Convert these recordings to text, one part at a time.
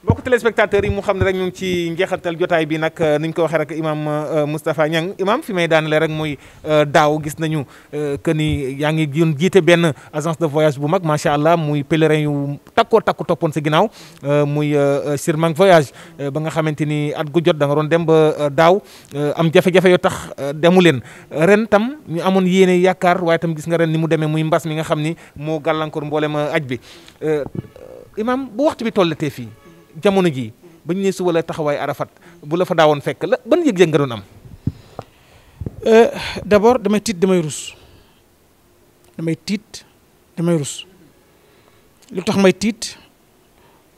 mbokk téléspectateurs yi mu xam ne rek ñu ngi ci njeexantal jotaay bi nag euh, niñ ko waxee rek imam euh, Moustapha Niang imam fi may daanale rek mooy euh, daaw gis nañu que ni yaa ngi yoon jiite benn agence de voyage bu mag macha allah muy pèlerin yu takkoo takku toppoon sa ginnaaw muy Sirmang voyage ba nga xamante ni at gu jot da doon dem ba daaw am jafe-jafe yoo tax demu leen ren tam ñu amoon yéene yaakaar waaye tam gis nga ren ni mu demee muy mbas mi nga xam ni moo gàllankoor mboolem aj bi imam bu waxtu fii jamono jii ba ñu ne suba la taxawaay Arafat bu la fa daawoon fekk la ban yëg-yëg nga doon am. Euh, d'abord damay tiit damay rus damay tiit damay rus lu tax may tiit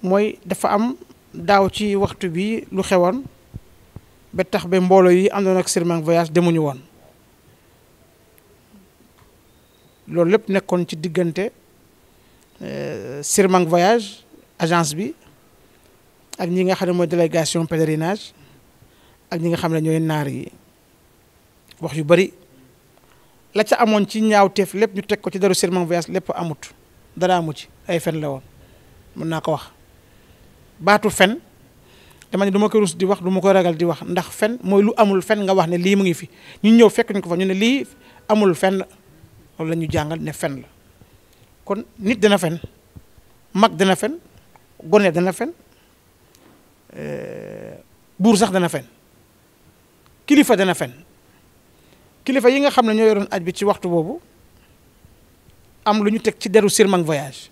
mooy dafa am daaw ci waxtu bi lu xewoon ba tax ba mbooloo yi àndoon ak Sirmang voyage demuñu woon loolu lépp nekkoon ci diggante euh, Sirmang voyage agence bi. ak ñi nga xam ne mooy délégation pèlerinage ak ñi nga xam ne ñooy naar yi wax yu bari la ca amoon ci ñaawteef lépp ñu teg ko ci daru serment voyage lépp amut dara mu ci ay fen la woon mën naa ko wax baatu fen dama ne du ma ko rus di wax du ma ko ragal di wax ndax fen mooy lu amul fen nga wax ne lii mu ngi fi ñu ñëw fekk ñu ko fa ñu ne lii amul fen loolu la ñu jàngal ne fen la kon nit dana fen mag dana fen gone dana fen Euh, buur sax dana fen kilifa dana fen kilifa yi nga xam ne ñoo yoroon aj bi ci waxtu boobu am lu ñu teg ci deru Sirmang voyage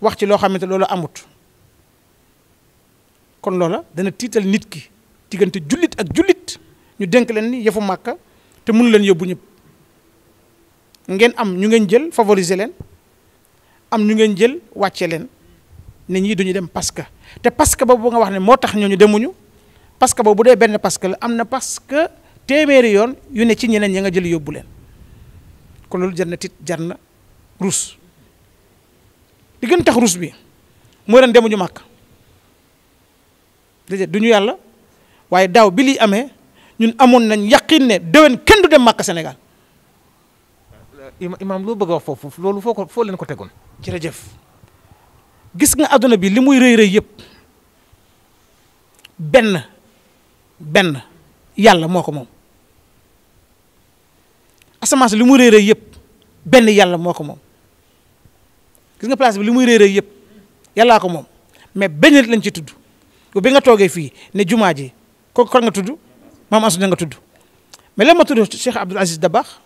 wax ci loo xamante loolu amut kon loola dana tiital nit ki diggante jullit ak jullit ñu dénk leen ni yëfu màkka te mënu leen yóbbu ñëpp ngeen am ñu ngeen jël favoriser leen am ñu ngeen jël wàcce leen ne ñii duñu dem parce que te parce que boobu nga wax ne moo tax ñooñu demuñu parce que boobu bu dee benn parce que la am na parce que téeméeri yoon yu ne ci ñeneen ña nga jël yóbbu leen kon loolu jar na tit jar na ruus li gën tax ruus bi moo ren demuñu màkk du duñu yàlla waaye daaw bi lii amee ñun amoon nañ yaqin ne déwén kenn du dem màkk Sénégal. imaam loo bëgg a wax foofu loolu foo ko foo leen ko tegoon. jërëjëf. gis nga àdduna bi li muy rëy yëpp benn benn yàlla moo ko moom asamaan si li muy rëy yëpp benn yàlla moo ko moom gis nga place bi li muy rëy rëy yëpp yàllaa ko moom mais benn nit lañ ci tudd bu bi nga toogee fii ne jumaa ji ko kon nga tudd maam Ansu na nga tudd mais lan ma tudd Cheikh Abdoul Aziz Dabakh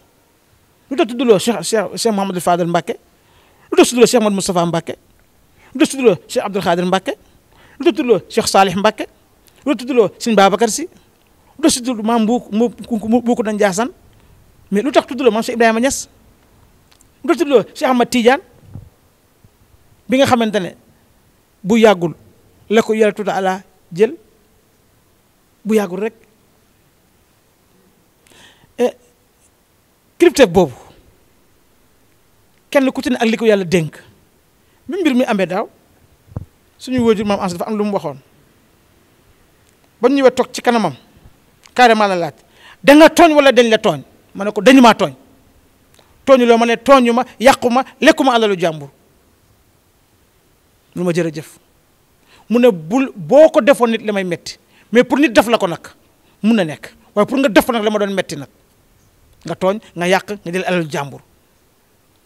lu tax tuddloo Cheikh Cheikh Cheikh Mouhamadou Fadel Mbacké lu tax tuddloo Cheikh Mouhamadou Moustapha Mbacké lu tuddloo Cheikh Abdoul Khadir Mbacke lu tuddloo Cheikh Salih Mbacke lu tuddloo Sëñ Babacar Si lu tuddloo maam Mbuuk Mbuuk dañ Jaasan mais lu tax tuddloo maam Cheikh Ibrahima Niass lu tuddloo Cheikh Ahmad Tidiane bi nga xamante ne bu yàggul la ko yàlla tuta ala jël bu yàggul rek cryptèque eh, boobu kenn ku ak li ko yàlla dénk bi mbir mi amee daaw suñu wóojur maam Ansa dafa am lu mu waxoon ba ñu ñëwee toog ci kanamam carrément la laaj da nga tooñ wala dañ la tooñ ma ne ko dañu maa tooñ tooñu loo ma ne ma yàqu ma lekku ma jàmbur lu ma jërëjëf mu ne bul boo ko defoon nit la may metti mais pour nit def la ko nag mun na nekk waaye pour nga def ko nag la ma doon metti nag nga tooñ nga yàq nga jël alalu jàmbur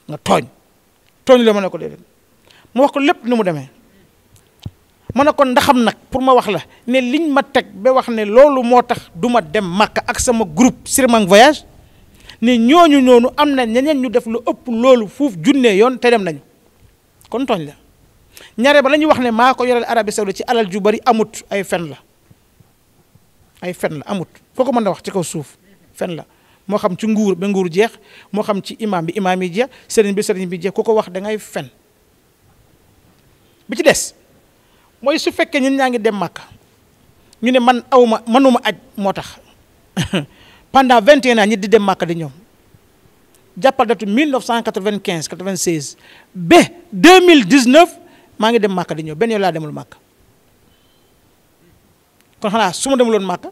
nga tooñ tooñ loo ma ne ko déedéet mu wax ko lépp ni mu demee ma ne kon ndaxam nag pour ma wax la ne liñ ma teg ba wax ne loolu moo tax du ma dem Makka ak sama groupe Sirmang voyage ne ñooñu ñoonu am na ñeneen ñu def lu ëpp loolu fuuf junnee yoon te dem nañu kon tooñ la ñare ba la ñuy wax ne maa ko yoreel Arabie Saoudite ci alal ju bari amut ay fen la ay fen la amut foo ko mën a wax ci kaw suuf fen la moo xam ci nguur ba nguur jeex moo xam ci imaam bi imaam yi jeex sëriñ bi sëriñ bi jeex ko wax da fen bi ci des mooy su fekkee ñun ñaa ngi dem màkk ñu ne man awma manuma aj moo tax pendant vingt et un ans ñi di dem màkk di ñoom jàppal datu mille neuf cent quatre-vingt-quinze quatre-vingt-seize ba deux mille dix-neuf maa ngi dem màkk di ñëw benn yoon laa demul màkk kon xanaa su ma demuloon màkk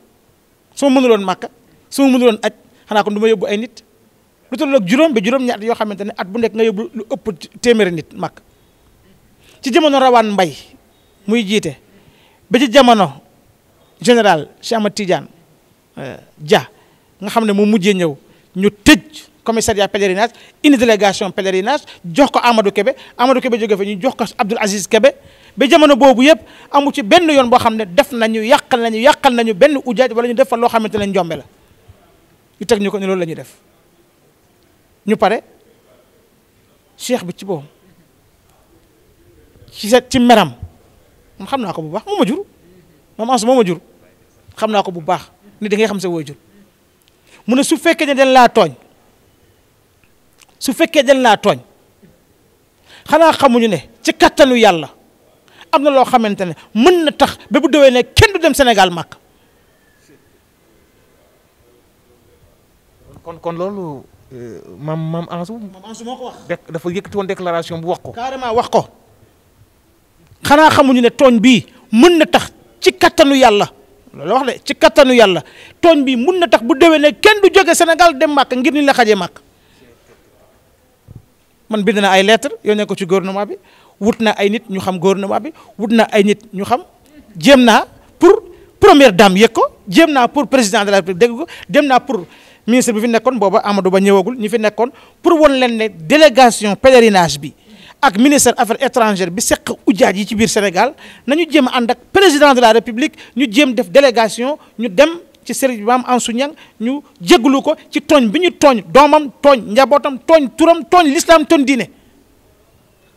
su ma mënuloon màkk su ma mënuloon aj xanaa kon du ma yóbbu ay nit lu tolloog juróom ba juróom-ñaar yoo xamante ne at bu nekk nga yóbbu lu ëpp téeméeri nit màkk ci jamono rawaan mbay muy jiite ba ci jamono général Cheikh Ahmad Tidiane eh, Dia nga xam ne mu mujjee ñëw ñu tëj commissariat pèlerinage indi délégation pèlerinage jox ko Amadou kebe Amadou kebe jóge fa ñu jox ko Abdoul Aziz kebe ba jamono boobu yëpp amu ci benn yoon boo xam ne def nañu yàqal nañu yàqal nañu benn ujaaj wala ñu def fa loo xamante ne njombe la ñu teg ñu ko ne loolu la def ñu pare cheikh bi ci boobu ci set ci meram man xam naa ko bu baax moo ma jur maam Ansu moo ma jur xam naa ko bu baax ni da ngay xam sa waajur mu ne su fekkee ne dañ laa tooñ su fekkee dañ laa tooñ xanaa xamuñu ne ci kattanu yàlla am na loo xamante ne mën na tax ba bu déwee ne kenn du dem Sénégal màkk. kon kon loolu. Euh, maam maam Ansu. maam Ansu moo ko wax. dafa yëkkati woon déclaration bu wax ko. wax ko. xanaa xamuñu ne tooñ bii mën na tax ci kattanu yàlla loolu wax de ci kattanu yàlla tooñ bi mun na tax bu déwee ne kenn du jóge Sénégal dem màkk ngir ni la xajee màkk man bind naa ay lettre yónnee ko ci gouvernement bi wut na ay nit ñu xam gouvernement bi wut na ay nit ñu xam jéem naa pour première dame yëg ko jéem naa pour président de la république dégg ko dem naa pour ministre bi fi nekkoon booba amado Ba ñëwagul ñi fi nekkoon pour won leen ne délégation pèlerinage bi ak ministère affaire étrangères bi seq ujaaj yi ci biir Sénégal nañu jéem a ànd ak président de la république ñu jéem def délégation ñu dem ci Serigne Mame Ansou ñu jéglu ko ci tooñ bi ñu tooñ doomam tooñ njabootam tooñ turam tooñ l'islam tooñ diine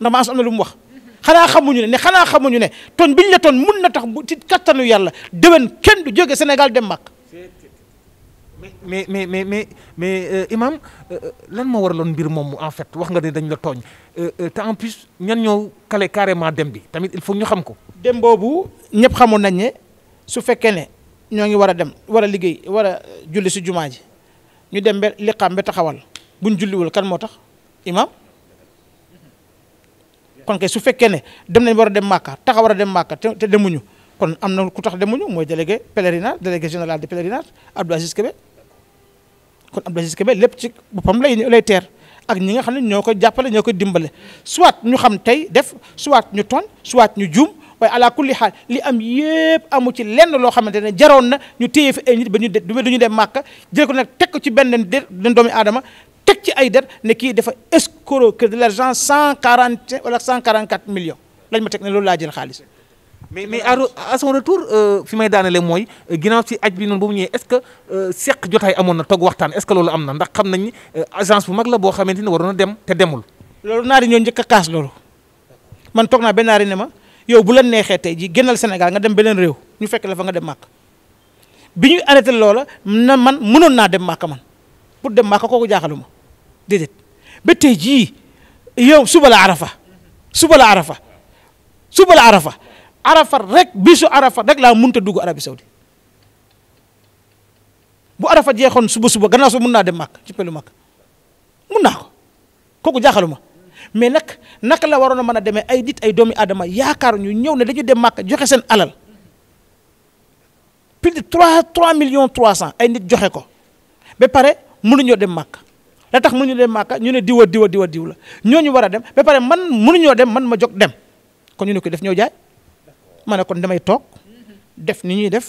ndax Mame Ansou am lu mu wax xanaa xamuñu ne ne xanaa xamuñu ne tooñ bi ñu la tooñ mun na tax bu ci kattanu yàlla déwén kenn du jóge Sénégal dem mais mais mais mais mais euh, Imaam euh, euh, lan moo waraloon mbir moomu en fait wax nga ne dañ la tooñ te en plus ñan ñoo kale carrément dem bi tamit il faut ñu xam ko. dem boobu ñëpp xamoon nañ ne su fekkee ne ñoo ngi war a dem wara liggéey war julli si jumaa ji ñu dem ba liqaam ba taxawal buñ julliwul kan moo tax Imaam kon kay su fekkee ne dem nañ war a dem Màkka taxa war dem Màkka te demuñu kon am na ku tax ñu mooy délégué pèlerinage délégué général de pèlerinage Abdou Aziz kon Abdou Aziz Kébé lépp ci boppam lay lay teer ak ñi nga xam ne ñoo ko jàppale ñoo ko dimbale soit ñu xam tey def soit ñu ton soit ñu juum waaye ala kulli xaal li am yëpp amu ci lenn loo xamante ne jaroon na ñu téye fi ay nit ba ñu de du ñu dem màkk jël ko nag teg ko ci benn den doomi aadama teg ci ay der ne kii dafa escroquer de l'argent cent quarante wala cent quarante quatre millions lañ ma teg ne loolu laa jël xaalis mais mais à son retour euh, fi may daanale mooy ginnaaw si aj bi noonu ba mu ñëwee est-ce que euh, seq jotaay amoon na toog waxtaan est-ce que loolu am na ndax xam nañ ni euh, agence bu mag la boo xamante ni waroon a dem te demul. loolu naari ñoo njëkk a kaas loolu man toog naa benn naari ne ma yow bu la neexee tey ji génnal Sénégal nga dem beneen réew ñu fekk la fa nga dem màkk bi ñuy arrêté loola na man mënoon naa dem màkk man pour dem màkk kooku jaaxaluma déedéet ba tey jii yow suba la arafa suba la arafa suba la arafa. arafat rek bisu arafa rek laa mënut dugg Arabie Saoudite bu arafa jeexoon suba suba gannaaw suba mën naa dem màkk ci pelu màkk mun naa ko kooku jaaxaluma mais nag naka la waroon a mën a demee ay nit ay doomi aadama yaakaar ñu ñëw ne dañu dem màkk joxe seen alal plus de trois trois millions trois cent ay nit joxe ko ba pare mënuñoo dem màkk la tax mënuñu dem màkk ñu ne diwa diwa diwa diw la ñooñu war a dem ba pare man mënuñoo dem man ma jog dem kon ñu ne ko def ñoo jaay. ma ne kon damay toog def ni ñuy def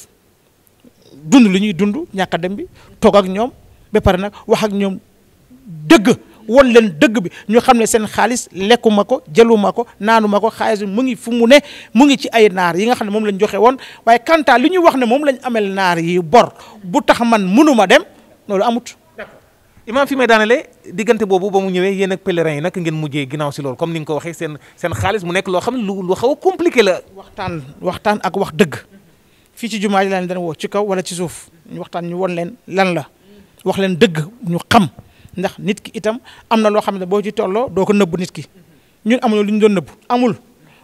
dund lu ñuy dund ñàkk a dem bi toog ak ñoom ba pare nag wax ak ñoom dëgg won leen dëgg bi ñu xam ne seen xaalis lekkuma ko jëluma ko naanuma ko xaalis mu ngi fu mu ne mu ngi ci ay naar yi nga xam ne moom lañ joxe woon waaye kanta lu ñuy wax ne moom lañ amel naar yi bor bu tax man mënuma dem loolu amut imaam fi may daanale diggante boobu ba mu ñëwee yéen ak pèlerin yi naka ngeen mujjee ginnaaw si loolu comme ni nga ko waxee seen seen xaalis mu nekk loo xam ne lu lu xaw a compliqué la. waxtaan waxtaan ak wax dëgg fii ci jumaa ji laan daan woo ci kaw wala ci suuf ñu waxtaan ñu won leen lan la wax leen dëgg ñu xam ndax nit ki itam am na loo xam ne boo ci tolloo doo ko nëbb nit ki ñun amuñu lu ñu doon nëbb amul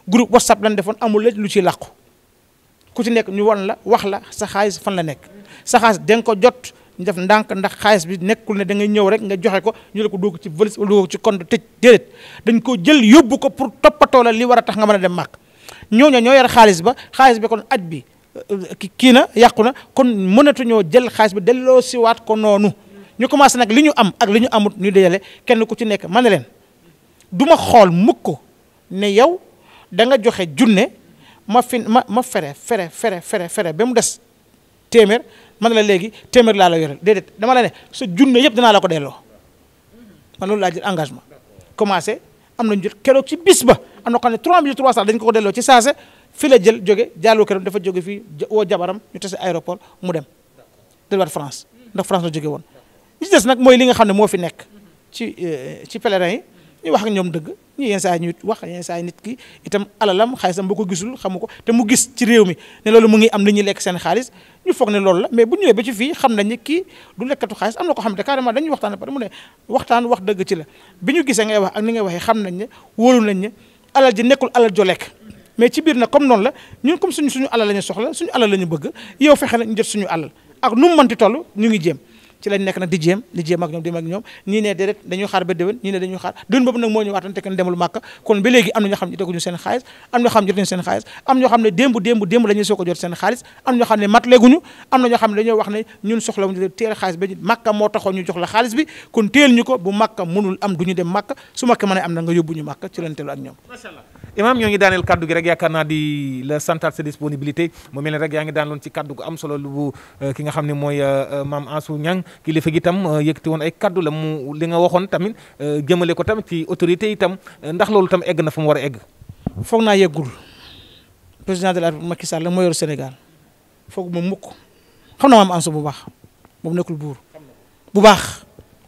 groupe whatsapp lan defoon amul lu ciy làqu ku ci nekk ñu won la wax la sa xaalis fan la nekk sa xaalis danga ko jot. ñu def ndànk ndax xaalis bi nekkul ne da ngay ñëw rek nga joxe ko ñu la ko dugg ci valise wala dugg ci compte tëj déedéet dañ koo jël yóbbu ko pour toppatoo la li war a tax nga mën a dem màkk ñooñu ñoo yar xaalis ba xaalis bi kon aj bi euh, kii na yàqu na kon mënatu mënatuñoo jël xaalis bi delloo siwaat ko noonu ñu commencé nag li ñu am ak li ñu amut ñu dajale kenn ku ci nekk ma ne leen du ma xool mukk ne yow da nga joxe junne ma fin ma ma fere fere fere fere fere ba mu des téeméer man la léegi téeméer laa la yoreel déedéet dama la ne sa junne yëpp dinaa la ko delloo man loolu laa jël engagement commencé am nañu jot keroog ci bis ba am na ko xam ne 3 mille 300 dañu delloo ci saase fi la jël jóge jàllu keroog dafa joge fi woo jabaram ñu tase aéroport mu dem da delluwaat France ndax France la jóge woon li ci nag mooy li nga xam ne moo fi nekk ci euh, ci pèlerin yi ñu wax ak ñoom dëgg ñu yenn saa ñu wax yenn saa nit ki itam alalam xaalisam boo ko gisul xamu ko te mu gis ci réew mi ne loolu mu ngi am li ñuy lekk seen xaalis ñu foog ne loolu la mais bu ñëwee ba ci fii xam nañ ne kii du lekkatu xaalis am na ko xam ne carrément dañuy waxtaan pare mu ne waxtaan wax dëgg ci la bi ñu gisee ngay wax ak ni ngay waxee xam nañ ne wóolu nañ ne alal ji nekkul alal jo lekk mais ci biir na comme noonu la ñun comme suñu suñu alal la ñu soxla suñu alal la bëgg yow fexe na suñu alal ak nu mu mënti toll ñu ngi jéem ci lañ nekk nag di jéem di jéem ak ñoom di jéem ak ñoom ñii ne déedéet dañuy xaar ba déwén ñii ne dañuy xaar déwén boobu nag moo ñëwaat te kenn demul màkk kon ba léegi am na ñoo xam ne jotaguñu seen xaalis am na ñoo xam seen xaalis am ñoo xam ne démb démb démb a jot am na ñoo xam ne dañoo wax ne ñun soxla wuñu teel xaalis ba màkka moo taxoon ñu jox la xaalis bi kon teel ñu ko bu màkka mënul am ñu dem màkk su ma mën a am na nga yóbbu ñu màkk ci lañ telu ak ñoom imaam ñoo ngi daaneel kaddu gi rek yaakaar naa di la santaat sa disponibilité mu mel ne rek yaa ngi daan loon ci kaddu gu am solo bu euh, ki nga xam ne mooy euh, euh, maam Ansou Niang kilifa gi tam yëkkati woon ay kaddu la mu li nga waxoon tamit jëmale ko tamit ci autorité yi tam ndax loolu tam egg na fa mu war a egg. foog naa yeggul président de la République Macky Sall moo yor Sénégal foog ma mukk xam na maam Ansou bu baax moom nekkul buur bu baax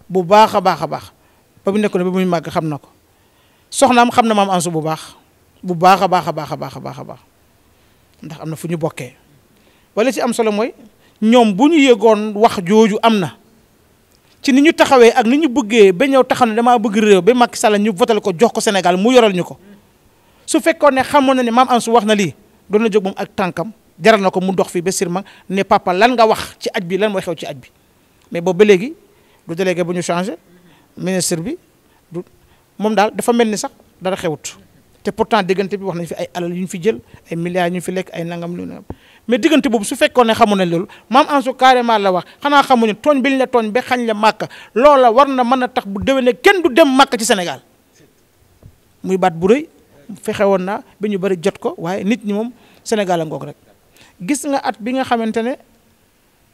bu baax a baax a baax ba bu nekkoon ba muy màgg xam na ko soxnaam xam na maam Ansou bu baax. bu baax a baax a baax a baax a baax a baax ndax am na fu ñu bokkee wala ci am solo mooy ñoom bu ñu yëgoon wax jooju am na ci ni ñu taxawee ak ni ñu bëggee ba ñëw taxaw ne damaa bëgg réew ba Macky Sall ñu votal ko jox ko Sénégal mu yoral ñu ko su fekkoon ne xamoon na ne maam Ansou wax na lii doon na moom ak tànkam jaral na ko mu dox fii ba Sirma ne papa lan nga wax ci aj bi lan mooy xew ci aj bi mais boobu ba léegi du délégué bu ñu changé ministre bi moom daal dafa mel ni sax dara xewut te pourtant diggante bi wax nañ fi ay alal yu ñu fi jël ay milliards ñu fi lekk ay nangam lu mais diggante boobu su fekkoon ne xamu nañ loolu maam Ansou carrément la wax xanaa xamuñu tooñ bi ñu la tooñ ba xañ la màkk loola war na mën a tax bu déwénee kenn du dem ci Sénégal muy baat bu rëy fexe woon naa ba ñu bëri jot ko waaye nit ñi moom Sénégal a rek gis nga at bi nga xamante ne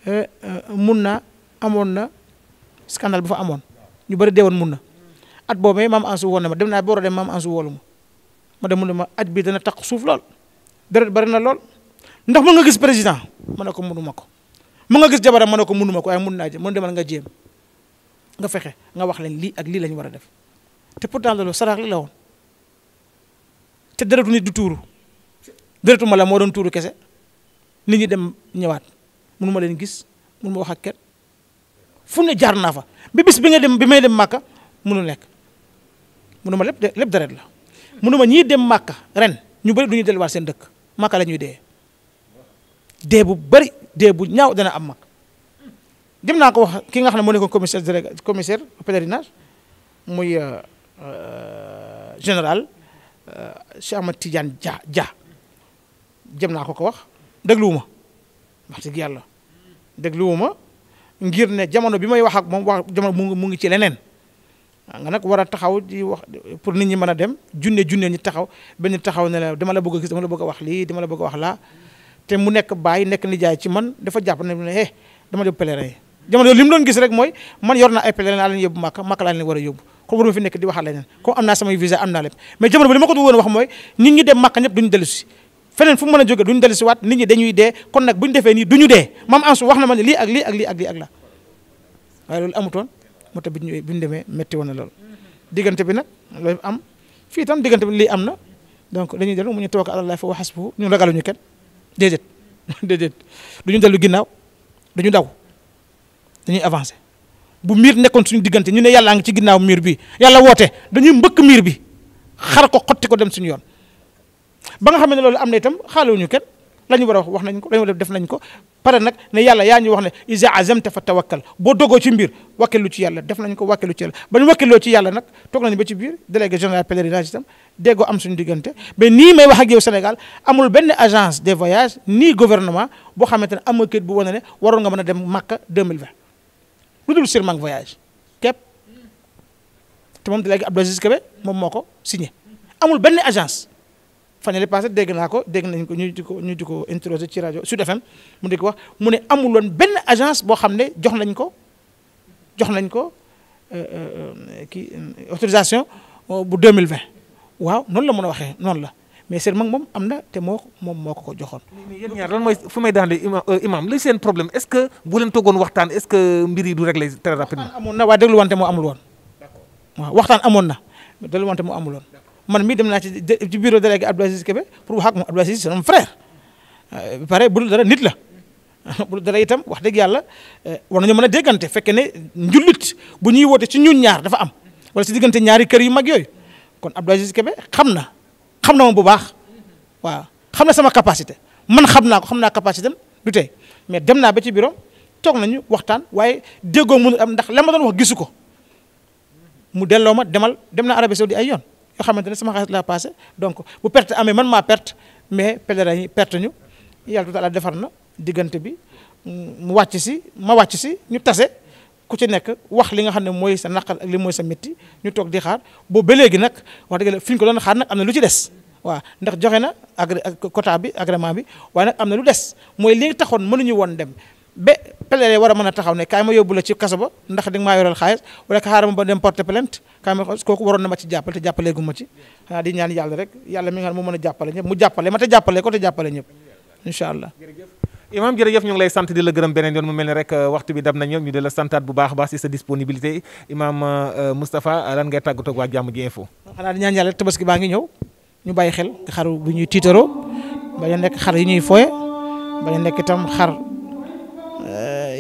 eh, eh, mun na amoon na scandale bu fa ñu bëri deewoon mun na at boobu maam Ansou woon na ma dem naa boora dem maam Ansou woolu ma dem mu ne ma at bi dana taq suuf lool deret bari na lool ndax mën nga gis président ma ne ko mënuma ko mën nga gis jabaram ma ne ko mënuma ko waaye mën naa jëm mën demal nga jéem nga fexe nga wax leen lii ak lii lañ war a def te pourtant loolu sarax li la woon te deretu nit du tuuru deretu ma la moo doon tuuru kese nit ñi dem ñëwaat ma leen gis mënuma wax ak ket fu ne jaar naa fa bi bis bi nga dem bi may dem màkka mënu nekk mënuma lépp lépp deret la munu ma ñii dem màkka ren ñu bëri du ñu delluwaat seen dëkk màkka la ñuy dee dee bu bari dee bu ñaaw dana am mag dem naa ko wax ki nga xam ne moo nekkoon commissaire direct commissaire pèlerinage muy euh, euh, général euh, Cheikh Ahmad Tidiane Dia jëm naa ko ko wax dégluwuma wax dëgg yàlla dégluwuma ngir ne jamono bi may wax ak moom wax jamono mu ngi mu ngi ci leneen. nga nag war a taxaw di wax pour nit ñi mën a dem junne junne ñi taxaw benn taxaw ne la dama la bëgg a gis dama la bëgg a wax lii dama la bëgg a wax laa te mu nekk baay nekk ci man dafa jàpp ne ne eh, li mu doon gis mooy man yor naa ay pèlerin laa leen a yóbbu kon waruma fi nekk di waxal leneen comme am naa samay ma ko doon wax mooy nit ñi dem Màkka ñëpp duñu dellu feneen fu mu a jóge duñ dellu si waat nit ñi dañuy dee kon nag buñu defee nii duñu dee maam Ansu wax na ma ne lii ak lii ak lii ak lii la waaye loolu amutoon moo tax bi ñu bi ñu demee métti woon na lool. diggante bi nag loolu am fii tam diggante bi lii am na donc dañuy dellu mu ñu toog àlallaa fa waxas bu ñun ragaluñu kenn déedéet déedéet du ñu dellu ginnaaw du ñu daw dañuy avancer bu miir nekkoon suñu diggante ñu ne yàllaa ngi ci ginnaaw miir bi yàlla woote dañuy mbëkk miir bi xar ko xotti ko dem suñu yoon ba nga xam ne loolu am na itam xaaluñu kenn la ñu war a wax wax nañ ko la ñu war a def nañ ko pare nag ne yàlla yaa ñu wax ne isa azamta fa tawakkal boo dogoo ci mbir wakkilu ci yàlla def nañ ko wakkilu ci yàlla ba ñu wakkiloo ci yàlla nag toog nañ ba ci biir délégué général pèlerinage itam déggoo am suñu diggante mais nii may wax ak yow Sénégal amul benn agence des voyages nii gouvernement boo xamante ne amul kayit bu wane ne waroon nga mën a dem Makka 2020 lu dul Sirmang voyage képp te moom délégué Abdou Aziz Kébé moom moo ko signé amul benn agence fan yële passé dégg naa ko dégg nañ ko ñuy di ko ñu di ko introsé ci rajo Sud FM mu di ko wax mu ne amul woon benn agence boo xam ne jox nañ ko jox nañ ko euh, euh, kii autorisation euh, bu 2020 waaw noonu la mën waxe waxee noonu la mais seen mag moom am na te moo moom moo ko joxoon. mais yéen mooy fu may daan imam imam li seen problème est-ce que bu leen toogoon waxtaan est-ce que mbiri yi du réglé très rapidement. amoon na waaye dégluwante moo amul woon. d'accord waaw waxtaan amoon na dégluwante moo amul man mii dem naa ci ci bureau délégué Abdou Aziz Kébé pour wax ak moom Abdou Aziz c'est mon frère ba euh, pare bu dul dara nit la bu dul dara itam wax dëgg yàlla euh, war nañoo mën a déggante fekke ne njullit bu ñuy woote ci ñun ñaar dafa am wala si diggante ñaari kër yu mag yooyu kon Abdou Aziz Kébé xam na xam na moom bu baax waa xam na sama capacité man xam naa ko xam naa capacité du tey mais dem naa ba ci bureau toog nañu waxtaan waaye déggoo mënul am ndax la ma doon wax gisu ko mu delloo ma demal dem naa Arabie ay yoon. nga xamante ne sama xaalis laa passé donc bu perte amee man maa perte mais pèlerin yi perte ñu yàlla du taala defar na diggante bi mu wàcc si ma wàcc si ñu tase ku ci nekk wax li nga xam ne mooy sa naqar ak li mooy sa métti ñu toog di xaar boobu ba léegi nag wax dëgg la fi ñu ko doon xaar nag am na lu ci des waa ndax joxe na agré quota bi agrément bi waaye am na lu des mooy li taxoon mënuñu woon dem ba plaidé war a mën a taxaw ne kaay ma yóbbu la ci kaso ba ndax di maa yoreel xaalis wala ka xaaral ma dem porter plainte kaay ma kooku waroon na ma ci jàppale te jàppaleegu ma ci xanaa di ñaan yàlla rek yàlla mi nga xam ne mu mën a jàppale ñëpp mu jàppale ma te jàppale ko te jàppale ñëpp incha allah imaam jërëjëf ñu ngi lay euh, santaat bu baax a baax si sa disponibilité imaam euh, euh, Moustapha lan ngay tàggatoo ak waa jàmm ji info xanaa di ñaan yàlla a a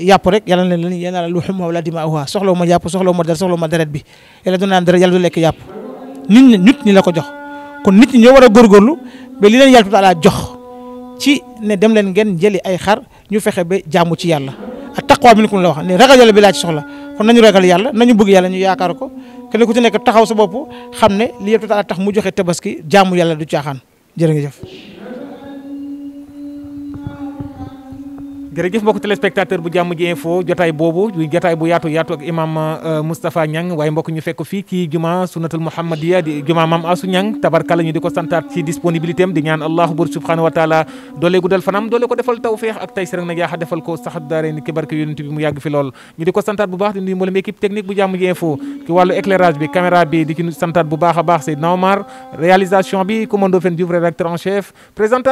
yàpp rek yàlla na leen yàlla lu xuma wala dimaawaa soxlawu ma yàpp soxlawu ma dara soxlawu ma deret bi yàlla du naan dara yàlla du lekk yàpp nit ñi nit ñi la ko jox kon nit ñi ñoo war a góorgóorlu ba li leen yàlla taala jox ci ne dem leen ngeen jëli ay xar ñu fexe ba jaamu ci yàlla ak taqwa bi ni ko la wax ne ragal yàlla bi laa ci soxla kon nañu ragal yàlla nañu bëgg yàlla ñu yaakaar ko kenn ku ci nekk taxaw sa bopp xam ne li yàlla taala tax mu joxe tabaski jaamu yàlla du caaxaan jërë nga jërëjëf mbokk téléspectateur bu jàmm ji info jotaay boobu jotaay bu yaatu yaatu ak imam euh, Moustapha Niang waaye mbokk ñu fekk fii ci juma sunnatul muhammadiya di juma asu Niang tabarkala ñu di ko santaat ci disponibilité di ñaan allahu bur subhanahu wa doole guddal fanam doole ko defal tawféex ak tay na jaaxa defal ko saxat daare ni ki barke yonent bi mu yàgg fi ñu di ko santaat bu baax di nuyu mboolem a baax Seydina Omar réalisation bi commando fen Diouf rédacteur en